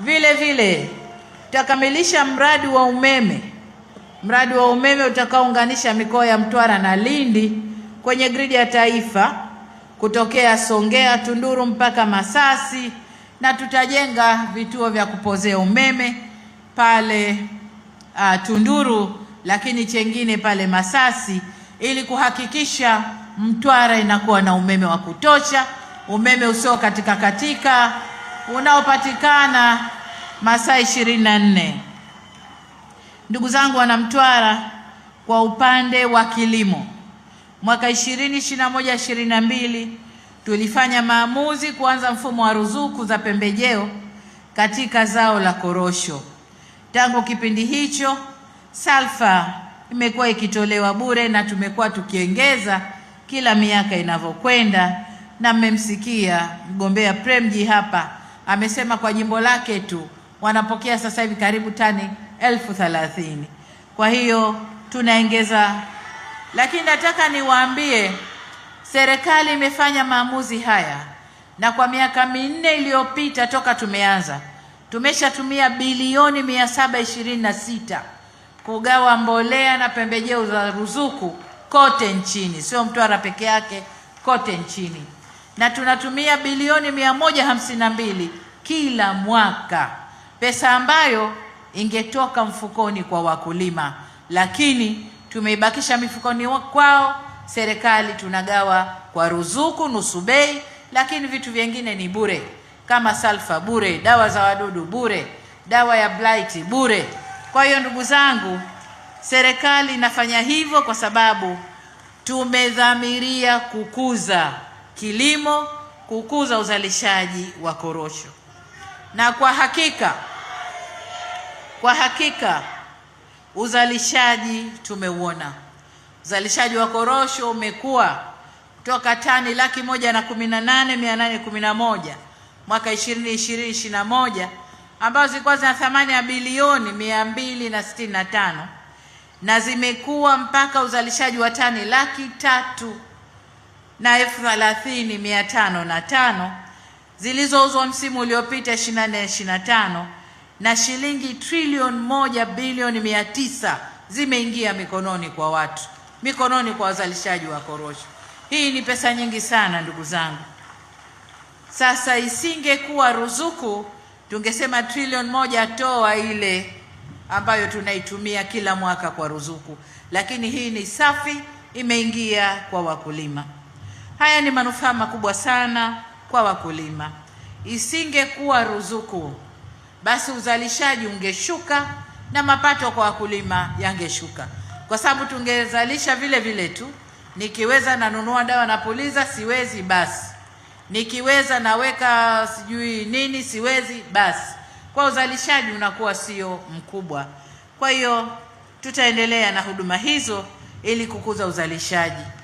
Vile vile tutakamilisha mradi wa umeme, mradi wa umeme utakaounganisha mikoa ya Mtwara na Lindi kwenye gridi ya taifa kutokea Songea, Tunduru mpaka Masasi, na tutajenga vituo vya kupozea umeme pale uh, Tunduru, lakini chengine pale Masasi ili kuhakikisha Mtwara inakuwa na umeme wa kutosha, umeme usio katika katika unaopatikana masaa ishirini na nne. Ndugu zangu Wanamtwara, kwa upande wa kilimo mwaka ishirini ishirini moja na mbili tulifanya maamuzi kuanza mfumo wa ruzuku za pembejeo katika zao la korosho. Tangu kipindi hicho salfa imekuwa ikitolewa bure na tumekuwa tukiongeza kila miaka inavyokwenda, na mmemsikia mgombea Premji hapa amesema kwa jimbo lake tu wanapokea sasa hivi karibu tani elfu thalathini. Kwa hiyo tunaongeza, lakini nataka niwaambie serikali imefanya maamuzi haya, na kwa miaka minne iliyopita toka tumeanza tumeshatumia bilioni mia saba ishirini na sita kugawa mbolea na pembejeo za ruzuku kote nchini, sio Mtwara peke yake, kote nchini na tunatumia bilioni mia moja hamsini na mbili kila mwaka, pesa ambayo ingetoka mfukoni kwa wakulima, lakini tumeibakisha mifukoni kwao. Serikali tunagawa kwa ruzuku nusu bei, lakini vitu vingine ni bure, kama salfa bure, dawa za wadudu bure, dawa ya blight bure. Kwa hiyo ndugu zangu, serikali inafanya hivyo kwa sababu tumedhamiria kukuza kilimo, kukuza uzalishaji wa korosho. Na kwa hakika, kwa hakika uzalishaji tumeuona. Uzalishaji wa korosho umekuwa kutoka tani laki moja na kumi na nane mia nane kumi na moja mwaka ishirini ishirini ishirini na moja ambazo zilikuwa zina thamani ya bilioni mia mbili na sitini na tano na zimekuwa mpaka uzalishaji wa tani laki tatu na elfu thelathini mia tano na tano zilizouzwa msimu uliopita 24 25 na shilingi trilioni moja bilioni mia tisa zimeingia mikononi kwa watu, mikononi kwa wazalishaji wa korosho. Hii ni pesa nyingi sana ndugu zangu. Sasa isingekuwa ruzuku, tungesema trilioni moja toa ile ambayo tunaitumia kila mwaka kwa ruzuku, lakini hii ni safi, imeingia kwa wakulima. Haya ni manufaa makubwa sana kwa wakulima. Isingekuwa ruzuku, basi uzalishaji ungeshuka na mapato kwa wakulima yangeshuka, kwa sababu tungezalisha vile vile tu. Nikiweza nanunua dawa napuliza, siwezi basi nikiweza naweka sijui nini, siwezi basi, kwa uzalishaji unakuwa sio mkubwa. Kwa hiyo tutaendelea na huduma hizo ili kukuza uzalishaji.